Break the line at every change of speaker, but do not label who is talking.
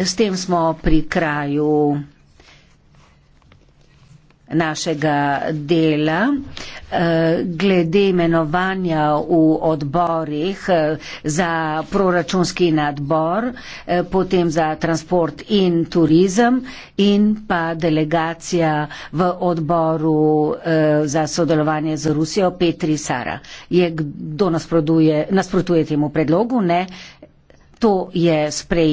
S tem smo pri kraju našega dela. Eh, glede imenovanja v odborih eh, za proračunski nadbor, eh, potem za transport in turizem in pa delegacija v odboru za sodelovanje z Rusijo Petri Sara. Je kdo nasprotuje, nasprotuje temu predlogu? Ne. To
je sprejemljivo.